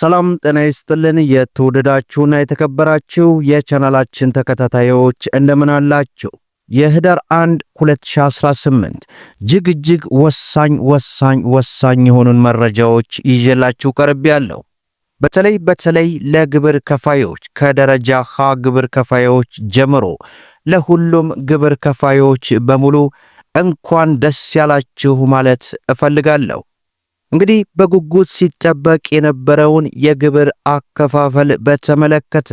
ሰላም ጤና ይስጥልን። የተወደዳችሁና የተከበራችሁ የቻናላችን ተከታታዮች እንደምን አላችሁ? የህዳር 1 2018 እጅግ እጅግ ወሳኝ ወሳኝ ወሳኝ የሆኑን መረጃዎች ይዤላችሁ ቀርቤያለሁ። በተለይ በተለይ ለግብር ከፋዮች ከደረጃ ሀ ግብር ከፋዮች ጀምሮ ለሁሉም ግብር ከፋዮች በሙሉ እንኳን ደስ ያላችሁ ማለት እፈልጋለሁ። እንግዲህ በጉጉት ሲጠበቅ የነበረውን የግብር አከፋፈል በተመለከተ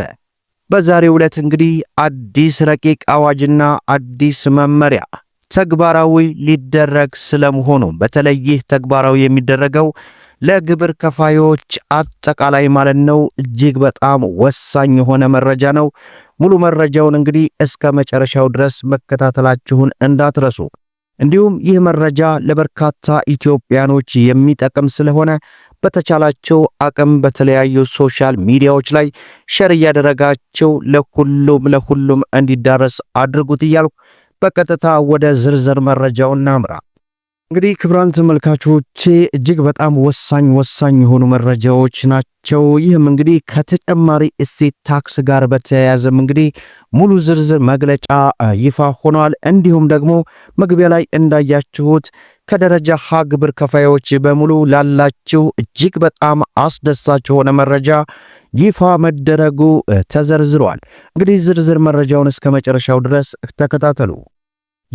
በዛሬው ዕለት እንግዲህ አዲስ ረቂቅ አዋጅና አዲስ መመሪያ ተግባራዊ ሊደረግ ስለመሆኑ በተለይ ይህ ተግባራዊ የሚደረገው ለግብር ከፋዮች አጠቃላይ ማለት ነው እጅግ በጣም ወሳኝ የሆነ መረጃ ነው። ሙሉ መረጃውን እንግዲህ እስከ መጨረሻው ድረስ መከታተላችሁን እንዳትረሱ። እንዲሁም ይህ መረጃ ለበርካታ ኢትዮጵያኖች የሚጠቅም ስለሆነ በተቻላቸው አቅም በተለያዩ ሶሻል ሚዲያዎች ላይ ሸር እያደረጋቸው ለሁሉም ለሁሉም እንዲዳረስ አድርጉት እያልኩ በቀጥታ ወደ ዝርዝር መረጃው እናምራ። እንግዲህ ክብራን ተመልካቾቼ እጅግ በጣም ወሳኝ ወሳኝ የሆኑ መረጃዎች ናቸው። ይህም እንግዲህ ከተጨማሪ እሴት ታክስ ጋር በተያያዘም እንግዲህ ሙሉ ዝርዝር መግለጫ ይፋ ሆኗል። እንዲሁም ደግሞ መግቢያ ላይ እንዳያችሁት ከደረጃ ሀ ግብር ከፋዮች በሙሉ ላላችሁ እጅግ በጣም አስደሳች የሆነ መረጃ ይፋ መደረጉ ተዘርዝሯል። እንግዲህ ዝርዝር መረጃውን እስከ መጨረሻው ድረስ ተከታተሉ።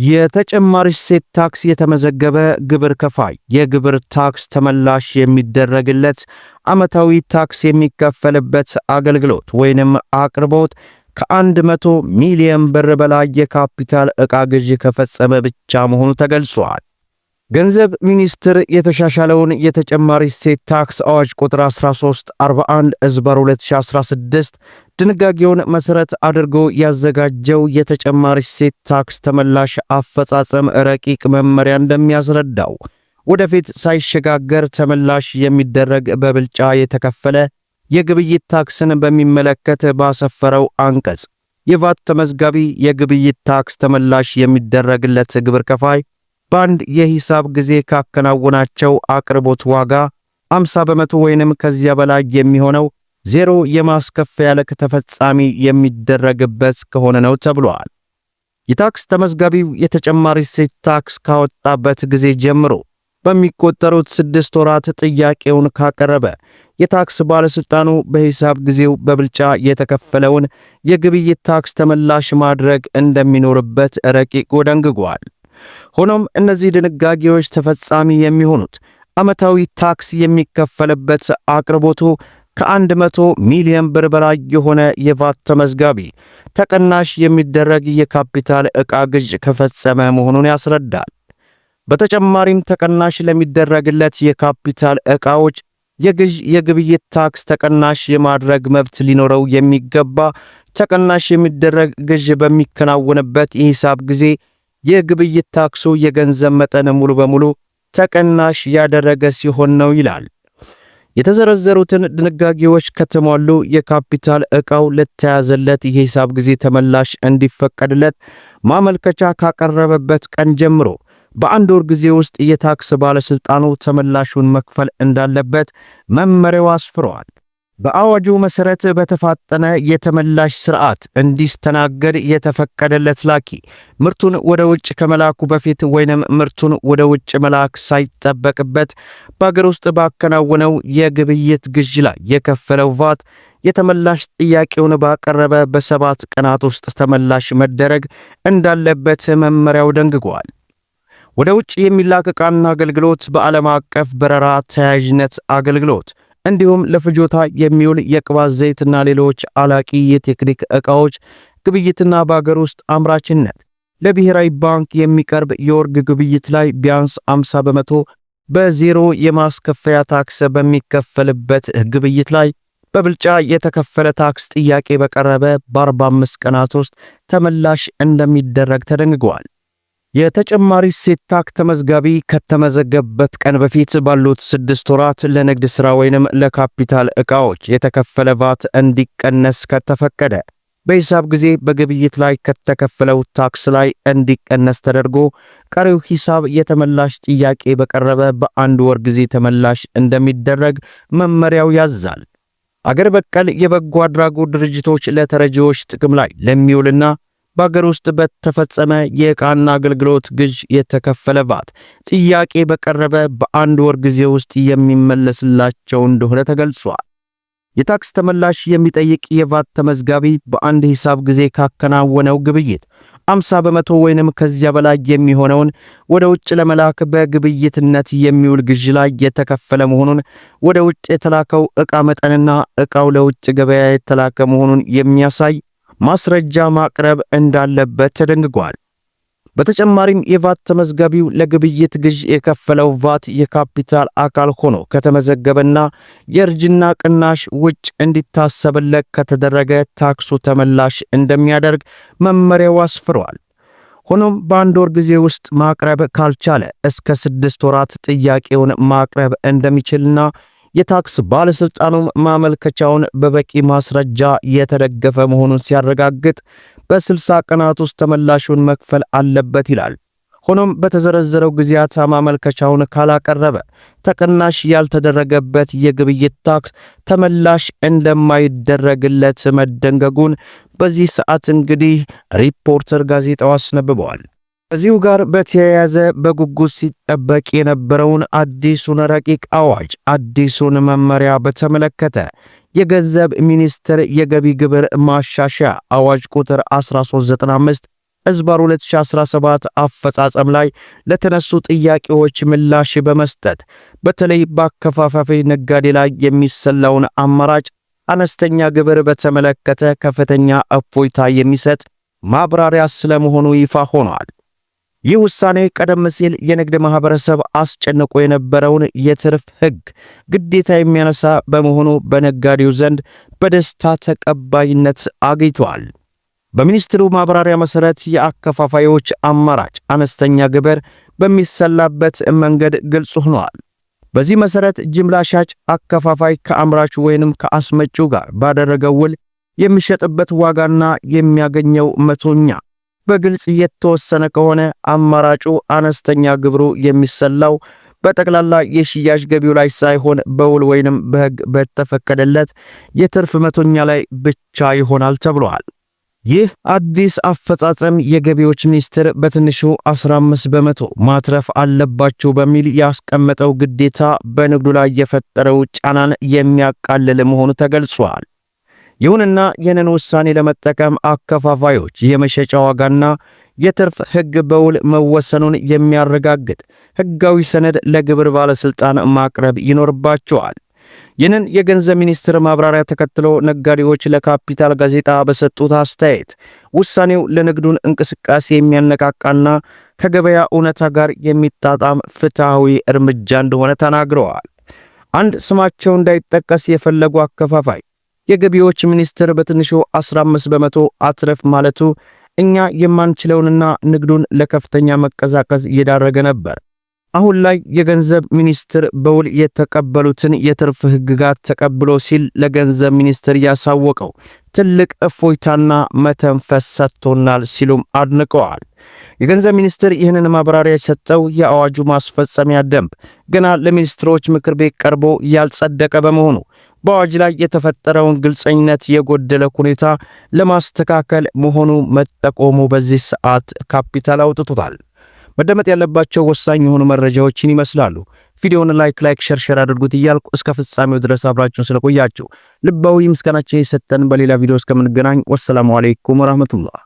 የተጨማሪ እሴት ታክስ የተመዘገበ ግብር ከፋይ የግብር ታክስ ተመላሽ የሚደረግለት ዓመታዊ ታክስ የሚከፈልበት አገልግሎት ወይንም አቅርቦት ከ100 ሚሊዮን ብር በላይ የካፒታል ዕቃ ግዢ ከፈጸመ ብቻ መሆኑ ተገልጿል። ገንዘብ ሚኒስቴር የተሻሻለውን የተጨማሪ እሴት ታክስ አዋጅ ቁጥር 1341 ዝበር 2016 ድንጋጌውን መሰረት አድርጎ ያዘጋጀው የተጨማሪ እሴት ታክስ ተመላሽ አፈጻጸም ረቂቅ መመሪያ እንደሚያስረዳው ወደፊት ሳይሸጋገር ተመላሽ የሚደረግ በብልጫ የተከፈለ የግብይት ታክስን በሚመለከት ባሰፈረው አንቀጽ የቫት ተመዝጋቢ የግብይት ታክስ ተመላሽ የሚደረግለት ግብር ከፋይ በአንድ የሂሳብ ጊዜ ካከናወናቸው አቅርቦት ዋጋ 50 በመቶ ወይንም ከዚያ በላይ የሚሆነው ዜሮ የማስከፈያ ልክ ተፈጻሚ የሚደረግበት ከሆነ ነው ተብሏል። የታክስ ተመዝጋቢው የተጨማሪ እሴት ታክስ ካወጣበት ጊዜ ጀምሮ በሚቆጠሩት ስድስት ወራት ጥያቄውን ካቀረበ የታክስ ባለስልጣኑ በሂሳብ ጊዜው በብልጫ የተከፈለውን የግብይት ታክስ ተመላሽ ማድረግ እንደሚኖርበት ረቂቁ ደንግጓል። ሆኖም እነዚህ ድንጋጌዎች ተፈጻሚ የሚሆኑት ዓመታዊ ታክስ የሚከፈልበት አቅርቦቱ ከ100 ሚሊዮን ብር በላይ የሆነ የቫት ተመዝጋቢ ተቀናሽ የሚደረግ የካፒታል ዕቃ ግዥ ከፈጸመ መሆኑን ያስረዳል። በተጨማሪም ተቀናሽ ለሚደረግለት የካፒታል ዕቃዎች የግዥ የግብይት ታክስ ተቀናሽ የማድረግ መብት ሊኖረው የሚገባ ተቀናሽ የሚደረግ ግዥ በሚከናወንበት የሂሳብ ጊዜ የግብይት ታክሱ የገንዘብ መጠን ሙሉ በሙሉ ተቀናሽ ያደረገ ሲሆን ነው ይላል። የተዘረዘሩትን ድንጋጌዎች ከተሟሉ የካፒታል ዕቃው ለተያዘለት የሂሳብ ጊዜ ተመላሽ እንዲፈቀድለት ማመልከቻ ካቀረበበት ቀን ጀምሮ በአንድ ወር ጊዜ ውስጥ የታክስ ባለሥልጣኑ ተመላሹን መክፈል እንዳለበት መመሪያው አስፍሯል። በአዋጁ መሰረት በተፋጠነ የተመላሽ ስርዓት እንዲስተናገድ የተፈቀደለት ላኪ ምርቱን ወደ ውጭ ከመላኩ በፊት ወይንም ምርቱን ወደ ውጭ መላክ ሳይጠበቅበት በአገር ውስጥ ባከናወነው የግብይት ግዥ ላይ የከፈለው ቫት የተመላሽ ጥያቄውን ባቀረበ በሰባት ቀናት ውስጥ ተመላሽ መደረግ እንዳለበት መመሪያው ደንግጓል። ወደ ውጭ የሚላክ ዕቃና አገልግሎት በዓለም አቀፍ በረራ ተያያዥነት አገልግሎት እንዲሁም ለፍጆታ የሚውል የቅባት ዘይትና ሌሎች አላቂ የቴክኒክ ዕቃዎች ግብይትና በአገር ውስጥ አምራችነት ለብሔራዊ ባንክ የሚቀርብ የወርግ ግብይት ላይ ቢያንስ 50 በመቶ በዜሮ የማስከፈያ ታክስ በሚከፈልበት ግብይት ላይ በብልጫ የተከፈለ ታክስ ጥያቄ በቀረበ በ45 ቀናት ውስጥ ተመላሽ እንደሚደረግ ተደንግጓል። የተጨማሪ እሴት ታክስ ተመዝጋቢ ከተመዘገበት ቀን በፊት ባሉት ስድስት ወራት ለንግድ ሥራ ወይንም ለካፒታል ዕቃዎች የተከፈለ ቫት እንዲቀነስ ከተፈቀደ በሂሳብ ጊዜ በግብይት ላይ ከተከፈለው ታክስ ላይ እንዲቀነስ ተደርጎ ቀሪው ሂሳብ የተመላሽ ጥያቄ በቀረበ በአንድ ወር ጊዜ ተመላሽ እንደሚደረግ መመሪያው ያዛል። አገር በቀል የበጎ አድራጎት ድርጅቶች ለተረጂዎች ጥቅም ላይ ለሚውልና በአገር ውስጥ በተፈጸመ የዕቃና አገልግሎት ግዥ የተከፈለ ቫት ጥያቄ በቀረበ በአንድ ወር ጊዜ ውስጥ የሚመለስላቸው እንደሆነ ተገልጿል። የታክስ ተመላሽ የሚጠይቅ የቫት ተመዝጋቢ በአንድ ሂሳብ ጊዜ ካከናወነው ግብይት 50 በመቶ ወይንም ከዚያ በላይ የሚሆነውን ወደ ውጭ ለመላክ በግብይትነት የሚውል ግዥ ላይ የተከፈለ መሆኑን ወደ ውጭ የተላከው ዕቃ መጠንና ዕቃው ለውጭ ገበያ የተላከ መሆኑን የሚያሳይ ማስረጃ ማቅረብ እንዳለበት ተደንግጓል። በተጨማሪም የቫት ተመዝጋቢው ለግብይት ግዥ የከፈለው ቫት የካፒታል አካል ሆኖ ከተመዘገበና የእርጅና ቅናሽ ውጭ እንዲታሰብለት ከተደረገ ታክሱ ተመላሽ እንደሚያደርግ መመሪያው አስፍሯል። ሆኖም በአንድ ወር ጊዜ ውስጥ ማቅረብ ካልቻለ እስከ ስድስት ወራት ጥያቄውን ማቅረብ እንደሚችልና የታክስ ባለስልጣኑ ማመልከቻውን በበቂ ማስረጃ የተደገፈ መሆኑን ሲያረጋግጥ በ60 ቀናት ውስጥ ተመላሹን መክፈል አለበት ይላል። ሆኖም በተዘረዘረው ጊዜያት ማመልከቻውን ካላቀረበ ተቀናሽ ያልተደረገበት የግብይት ታክስ ተመላሽ እንደማይደረግለት መደንገጉን በዚህ ሰዓት እንግዲህ ሪፖርተር ጋዜጣው አስነብበዋል። ከዚሁ ጋር በተያያዘ በጉጉት ሲጠበቅ የነበረውን አዲሱን ረቂቅ አዋጅ አዲሱን መመሪያ በተመለከተ የገንዘብ ሚኒስቴር የገቢ ግብር ማሻሻያ አዋጅ ቁጥር 1395 ህዝባር 2017 አፈጻጸም ላይ ለተነሱ ጥያቄዎች ምላሽ በመስጠት በተለይ በአከፋፋፊ ነጋዴ ላይ የሚሰላውን አማራጭ አነስተኛ ግብር በተመለከተ ከፍተኛ እፎይታ የሚሰጥ ማብራሪያ ስለመሆኑ ይፋ ሆኗል። ይህ ውሳኔ ቀደም ሲል የንግድ ማህበረሰብ አስጨንቆ የነበረውን የትርፍ ሕግ ግዴታ የሚያነሳ በመሆኑ በነጋዴው ዘንድ በደስታ ተቀባይነት አግኝቷል። በሚኒስትሩ ማብራሪያ መሰረት የአከፋፋዮች አማራጭ አነስተኛ ግብር በሚሰላበት መንገድ ግልጽ ሆኗል። በዚህ መሰረት ጅምላ ሻጭ አከፋፋይ ከአምራቹ ወይንም ከአስመጪው ጋር ባደረገው ውል የሚሸጥበት ዋጋና የሚያገኘው መቶኛ በግልጽ የተወሰነ ከሆነ አማራጩ አነስተኛ ግብሩ የሚሰላው በጠቅላላ የሽያጭ ገቢው ላይ ሳይሆን በውል ወይንም በሕግ በተፈቀደለት የትርፍ መቶኛ ላይ ብቻ ይሆናል ተብሏል። ይህ አዲስ አፈጻጸም የገቢዎች ሚኒስቴር በትንሹ 15 በመቶ ማትረፍ አለባቸው በሚል ያስቀመጠው ግዴታ በንግዱ ላይ የፈጠረው ጫናን የሚያቃልል መሆኑ ተገልጿል። ይሁንና ይህንን ውሳኔ ለመጠቀም አከፋፋዮች የመሸጫ ዋጋና የትርፍ ሕግ በውል መወሰኑን የሚያረጋግጥ ሕጋዊ ሰነድ ለግብር ባለሥልጣን ማቅረብ ይኖርባቸዋል። ይህንን የገንዘብ ሚኒስትር ማብራሪያ ተከትሎ ነጋዴዎች ለካፒታል ጋዜጣ በሰጡት አስተያየት ውሳኔው ለንግዱን እንቅስቃሴ የሚያነቃቃና ከገበያ እውነታ ጋር የሚጣጣም ፍትሐዊ እርምጃ እንደሆነ ተናግረዋል። አንድ ስማቸው እንዳይጠቀስ የፈለጉ አከፋፋይ የገቢዎች ሚኒስቴር በትንሹ 15 በመቶ አትረፍ ማለቱ እኛ የማንችለውንና ንግዱን ለከፍተኛ መቀዛቀዝ እየዳረገ ነበር። አሁን ላይ የገንዘብ ሚኒስትር በውል የተቀበሉትን የትርፍ ህግጋት ተቀብሎ ሲል ለገንዘብ ሚኒስትር ያሳወቀው ትልቅ እፎይታና መተንፈስ ሰጥቶናል ሲሉም አድንቀዋል። የገንዘብ ሚኒስትር ይህንን ማብራሪያ የሰጠው የአዋጁ ማስፈጸሚያ ደንብ ገና ለሚኒስትሮች ምክር ቤት ቀርቦ ያልጸደቀ በመሆኑ በአዋጅ ላይ የተፈጠረውን ግልጸኝነት የጎደለ ሁኔታ ለማስተካከል መሆኑ መጠቆሙ በዚህ ሰዓት ካፒታል አውጥቶታል። መደመጥ ያለባቸው ወሳኝ የሆኑ መረጃዎችን ይመስላሉ። ቪዲዮውን ላይክ ላይክ ሸርሸር አድርጉት እያልኩ እስከ ፍጻሜው ድረስ አብራችሁን ስለቆያችሁ ልባዊ ምስጋናችን የሰጠን። በሌላ ቪዲዮ እስከምንገናኝ ወሰላሙ አለይኩም ወራህመቱላህ።